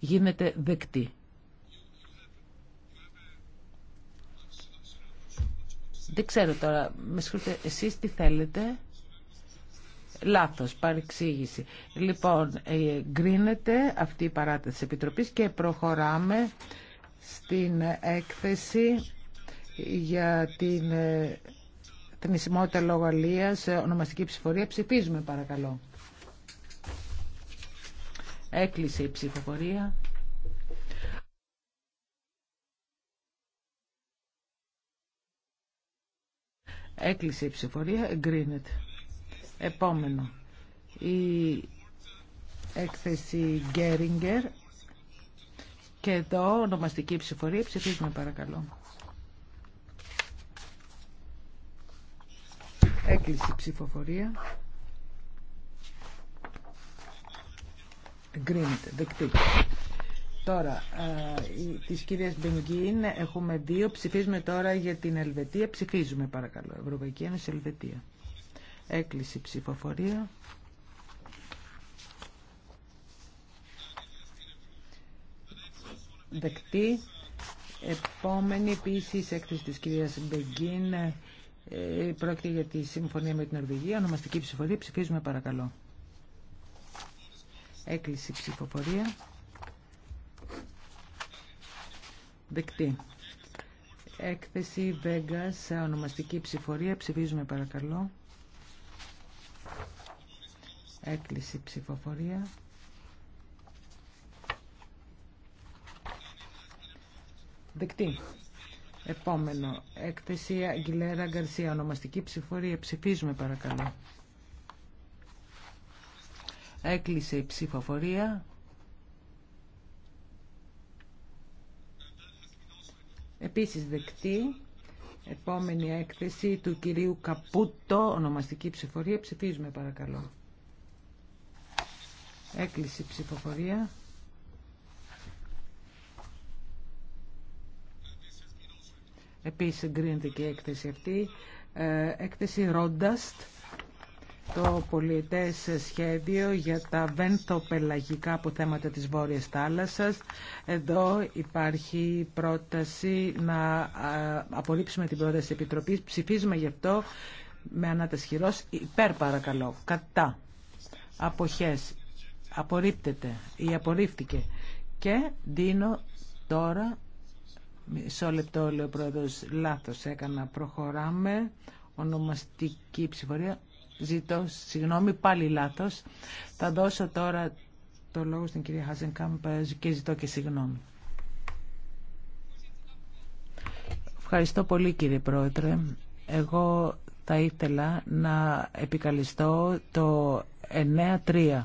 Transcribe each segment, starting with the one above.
γίνεται δεκτή. Δεν ξέρω τώρα, με συγχωρείτε, εσείς τι θέλετε. Λάθος, παρεξήγηση. Λοιπόν, γκρίνεται αυτή η παράταση της Επιτροπής και προχωράμε στην έκθεση για την θνησιμότητα ε, λόγω αλίας, ε, ονομαστική ψηφορία. Ψηφίζουμε παρακαλώ. Έκλεισε η ψηφοφορία. Έκλεισε η ψηφοφορία. Εγκρίνεται. Επόμενο. Η έκθεση Γκέριγκερ. Και εδώ ονομαστική ψηφορία. Ψηφίζουμε παρακαλώ. Έκλεισε η ψηφοφορία. Εγκρίνεται. Δεκτή. Τώρα, ε, της κυρίας Μπενγκίν έχουμε δύο. Ψηφίζουμε τώρα για την Ελβετία. Ψηφίζουμε παρακαλώ. Ευρωπαϊκή Ένωση Ελβετία. Έκλεισε ψηφοφορία. Δεκτή. Επόμενη επίση έκθεση τη κυρία Μπενγκίν Ε, πρόκειται για τη συμφωνία με την Νορβηγία. Ονομαστική ψηφοφορία. Ψηφίζουμε παρακαλώ. Έκλειση ψηφοφορία. Δεκτή. Έκθεση Βέγγα σε ονομαστική ψηφορία. Ψηφίζουμε παρακαλώ. Έκλειση ψηφοφορία. Δεκτή. Επόμενο. Έκθεση Αγγιλέρα Γκαρσία. Ονομαστική ψηφορία. Ψηφίζουμε παρακαλώ. Έκλεισε η ψηφοφορία. Επίσης δεκτή. Επόμενη έκθεση του κυρίου Καπούτο, ονομαστική ψηφοφορία. Ψηφίζουμε παρακαλώ. Έκλεισε η ψηφοφορία. Επίσης εγκρίνεται και η έκθεση αυτή. Ε, έκθεση Ρόνταστ το πολιετές σχέδιο για τα βενθοπελαγικά αποθέματα της Βόρειας Θάλασσας. Εδώ υπάρχει πρόταση να απορρίψουμε την πρόταση Επιτροπής. Ψηφίζουμε γι' αυτό με ανατασχυρός υπέρ παρακαλώ. Κατά. Αποχές. Απορρίπτεται ή απορρίφθηκε. Και δίνω τώρα, μισό λεπτό λέει ο πρόεδρος, λάθος έκανα, προχωράμε, ονομαστική ψηφορία, Ζητώ συγγνώμη, πάλι λάθος. Θα δώσω τώρα το λόγο στην κυρία Χάζενκάμπ και ζητώ και συγγνώμη. Ευχαριστώ πολύ κύριε Πρόεδρε. Εγώ θα ήθελα να επικαλιστώ το 9-3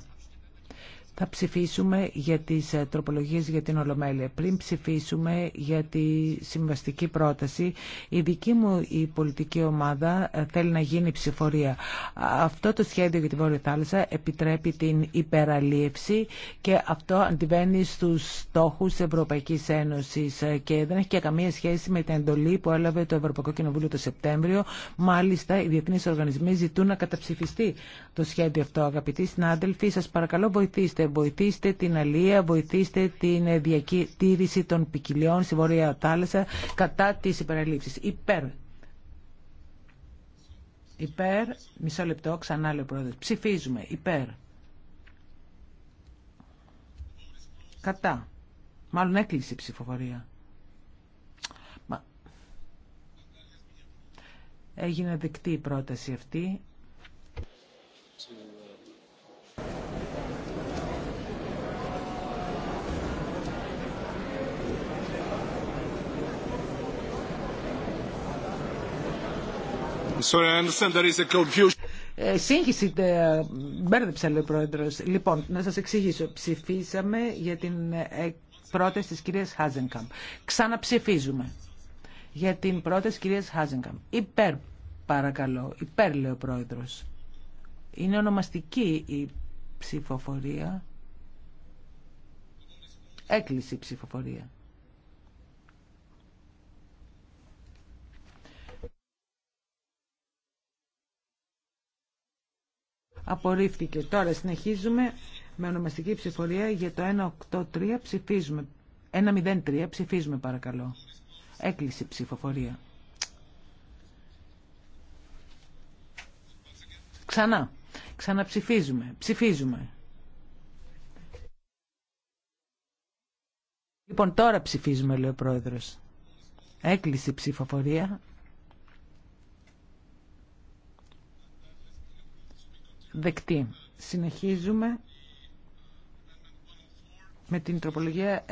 θα ψηφίσουμε για τις ε, τροπολογίες για την Ολομέλεια. Πριν ψηφίσουμε για τη συμβαστική πρόταση, η δική μου η πολιτική ομάδα ε, θέλει να γίνει ψηφορία. Αυτό το σχέδιο για τη Βόρεια Θάλασσα επιτρέπει την υπεραλίευση και αυτό αντιβαίνει στους στόχους Ευρωπαϊκής Ένωσης ε, και δεν έχει και καμία σχέση με την εντολή που έλαβε το Ευρωπαϊκό Κοινοβούλιο το Σεπτέμβριο. Μάλιστα, οι διεθνείς οργανισμοί ζητούν να καταψηφιστεί το σχέδιο αυτό. Αγαπητοί συνάδελφοι, σας παρακαλώ βοηθήστε Βοηθήστε την αλία, βοηθήστε την διακήρυξη των ποικιλιών στη Βόρεια Θάλασσα κατά τη υπεραλήψη. Υπέρ. Υπέρ. Μισό λεπτό, ξανά λέω ο Ψηφίζουμε. Υπέρ. Κατά. Μάλλον έκλεισε η ψηφοφορία. Έγινε δεκτή η πρόταση αυτή. Sorry, I ε, ε, λέει ο πρόεδρο. Λοιπόν, να σα εξηγήσω. Ψηφίσαμε για την ε, πρόταση της κυρία Χάζενκαμπ. Ξαναψηφίζουμε για την πρόταση τη κυρίας Χάζενκαμπ. Υπέρ, παρακαλώ. Υπέρ, λέει ο πρόεδρο. Είναι ονομαστική η ψηφοφορία. Έκλεισε η ψηφοφορία. Απορρίφθηκε. Τώρα συνεχίζουμε με ονομαστική ψηφορία για το 183 ψηφίζουμε. 103 ψηφίζουμε παρακαλώ. Έκλεισε ψηφοφορία. Ξανά. Ξαναψηφίζουμε. Ψηφίζουμε. Λοιπόν, τώρα ψηφίζουμε, λέει ο πρόεδρος. Έκλεισε η ψηφοφορία. δεκτή. Συνεχίζουμε με την τροπολογία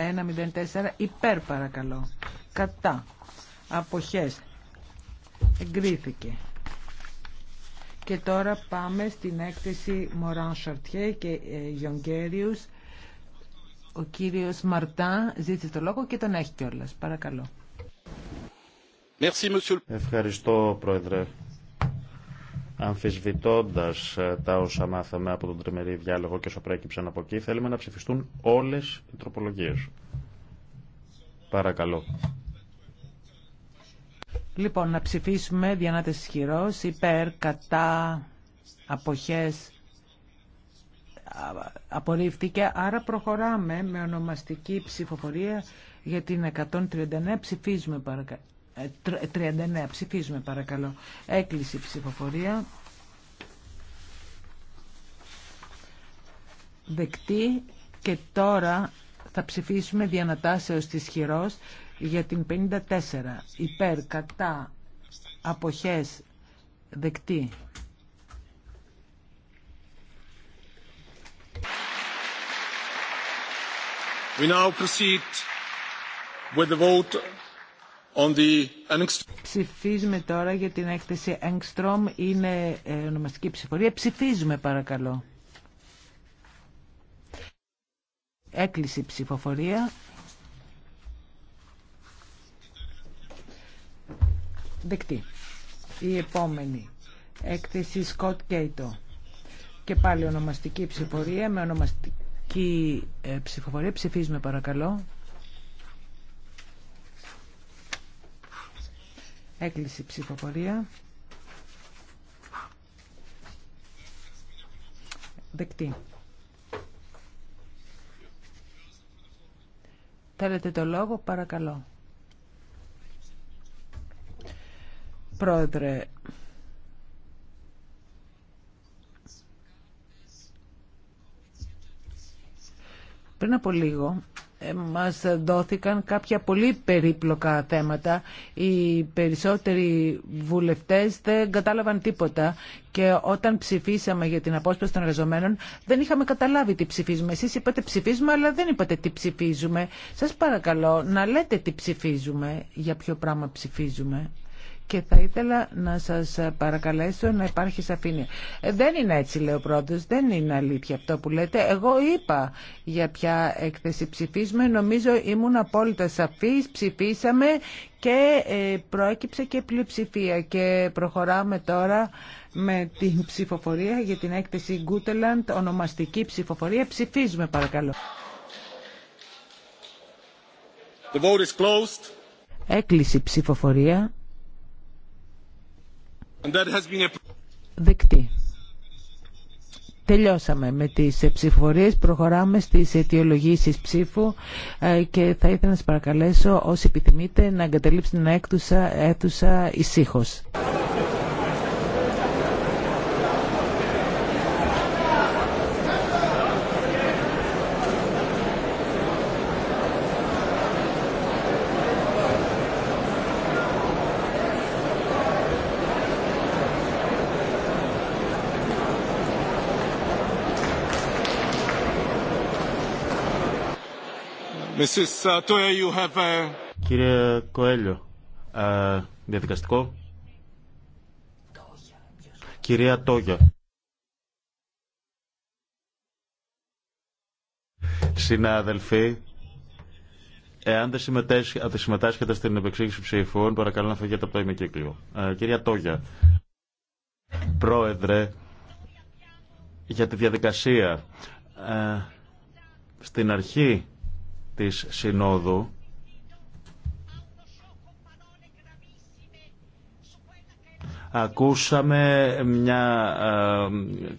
1.04 υπέρ παρακαλώ. Κατά. Αποχές. Εγκρίθηκε. Και τώρα πάμε στην έκθεση Μωράν Σαρτιέ και ε, Γιονγκέριους. Ο κύριος Μαρτά ζήτησε το λόγο και τον έχει κιόλας. Παρακαλώ. Ευχαριστώ, Πρόεδρε αμφισβητώντα ε, τα όσα μάθαμε από τον τριμερή διάλογο και όσα προέκυψαν από εκεί, θέλουμε να ψηφιστούν όλες οι τροπολογίες. Παρακαλώ. Λοιπόν, να ψηφίσουμε διανάτες ισχυρό, υπέρ, κατά, αποχέ απορρίφθηκε. Άρα προχωράμε με ονομαστική ψηφοφορία για την 139. Ψηφίζουμε παρακαλώ. 39. Ε, ε, Ψηφίζουμε παρακαλώ. Έκλεισε η ψηφοφορία. Δεκτή και τώρα θα ψηφίσουμε διανατάσεως της χειρός για την 54. Υπέρ, κατά, αποχές, δεκτή. We now proceed with the vote Ψηφίζουμε τώρα για την έκθεση Engstrom. Είναι ε, ονομαστική ψηφορία. Ψηφίζουμε παρακαλώ. Έκλεισε η ψηφοφορία. Δεκτή. Η επόμενη. Έκθεση Scott Cato. Και πάλι ονομαστική ψηφορία. Με ονομαστική ε, ψηφοφορία ψηφίζουμε παρακαλώ. Έκλεισε η ψηφοφορία. Δεκτή. Θέλετε το λόγο, παρακαλώ. Πρόεδρε, πριν από λίγο μας δόθηκαν κάποια πολύ περίπλοκα θέματα. Οι περισσότεροι βουλευτές δεν κατάλαβαν τίποτα και όταν ψηφίσαμε για την απόσπαση των εργαζομένων δεν είχαμε καταλάβει τι ψηφίζουμε. Εσείς είπατε ψηφίζουμε αλλά δεν είπατε τι ψηφίζουμε. Σας παρακαλώ να λέτε τι ψηφίζουμε, για ποιο πράγμα ψηφίζουμε και θα ήθελα να σας παρακαλέσω να υπάρχει σαφήνεια. Ε, δεν είναι έτσι, λέει ο πρόεδρος, δεν είναι αλήθεια αυτό που λέτε. Εγώ είπα για ποια έκθεση ψηφίζουμε, νομίζω ήμουν απόλυτα σαφής, ψηφίσαμε και ε, προέκυψε και πλειοψηφία και προχωράμε τώρα με την ψηφοφορία για την έκθεση Γκούτελαντ, ονομαστική ψηφοφορία. Ψηφίζουμε παρακαλώ. The vote is ψηφοφορία. Δεκτή. Τελειώσαμε με τις ψηφορίες, προχωράμε στις αιτιολογήσεις ψήφου ε, και θα ήθελα να σας παρακαλέσω όσοι επιθυμείτε να εγκαταλείψετε την αίθουσα ησύχως. Κύριε Κοέλιο, ε, διαδικαστικό. Κυρία Τόγια. Συνάδελφοι, εάν δεν συμμετάσχετε στην επεξήγηση ψηφών, παρακαλώ να φύγετε από το ημικύκλιο. Ε, κυρία Τόγια, πρόεδρε, για τη διαδικασία, ε, στην αρχή της Συνόδου Ακούσαμε, μια,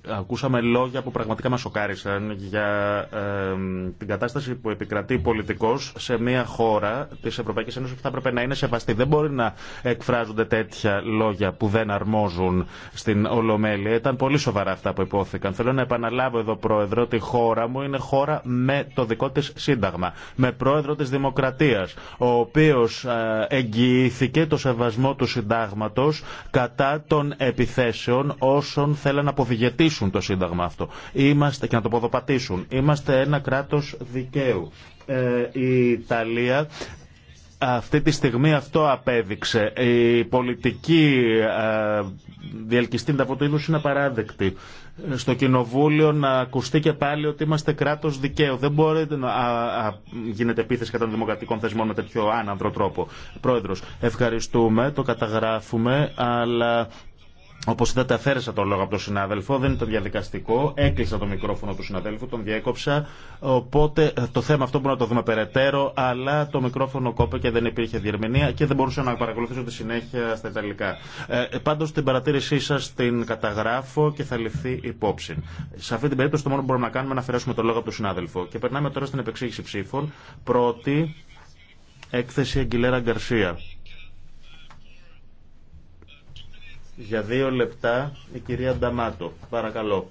ε, ακούσαμε λόγια που πραγματικά μας σοκάρισαν για ε, την κατάσταση που επικρατεί πολιτικός σε μια χώρα της Ευρωπαϊκής Ένωσης που θα έπρεπε να είναι σεβαστή. Δεν μπορεί να εκφράζονται τέτοια λόγια που δεν αρμόζουν στην Ολομέλεια. Ήταν πολύ σοβαρά αυτά που υπόθηκαν. Θέλω να επαναλάβω εδώ, Πρόεδρο, ότι η χώρα μου είναι χώρα με το δικό της σύνταγμα, με πρόεδρο της Δημοκρατίας, ο οποίος ε, εγγυήθηκε το σεβασμό του συντάγματος κατά των επιθέσεων όσων θέλαν να αποδιγετήσουν το Σύνταγμα αυτό Είμαστε, και να το ποδοπατήσουν. Είμαστε ένα κράτος δικαίου. Ε, η Ιταλία αυτή τη στιγμή αυτό απέδειξε. Η πολιτική ε, διελκυστήντα από το είδου είναι απαράδεκτη. Στο Κοινοβούλιο να ακουστεί και πάλι ότι είμαστε κράτο δικαίου. Δεν μπορείτε να γίνεται επίθεση κατά των δημοκρατικών θεσμών με τέτοιο άνανδρο τρόπο. Πρόεδρος, ευχαριστούμε, το καταγράφουμε, αλλά Όπω είδατε αφαίρεσα το λόγο από τον συνάδελφο, δεν ήταν διαδικαστικό, έκλεισα το μικρόφωνο του συναδέλφου, τον διέκοψα, οπότε ε, το θέμα αυτό μπορούμε να το δούμε περαιτέρω, αλλά το μικρόφωνο κόπε και δεν υπήρχε διερμηνία και δεν μπορούσα να παρακολουθήσω τη συνέχεια στα Ιταλικά. Ε, ε πάντως την παρατήρησή σα την καταγράφω και θα ληφθεί υπόψη. Σε αυτή την περίπτωση το μόνο που μπορούμε να κάνουμε είναι να αφαιρέσουμε το λόγο από τον συνάδελφο. Και περνάμε τώρα στην επεξήγηση ψήφων. Πρώτη, έκθεση Αγγιλέρα Γκαρσία. Για δύο λεπτά η κυρία Νταμάτο. Παρακαλώ.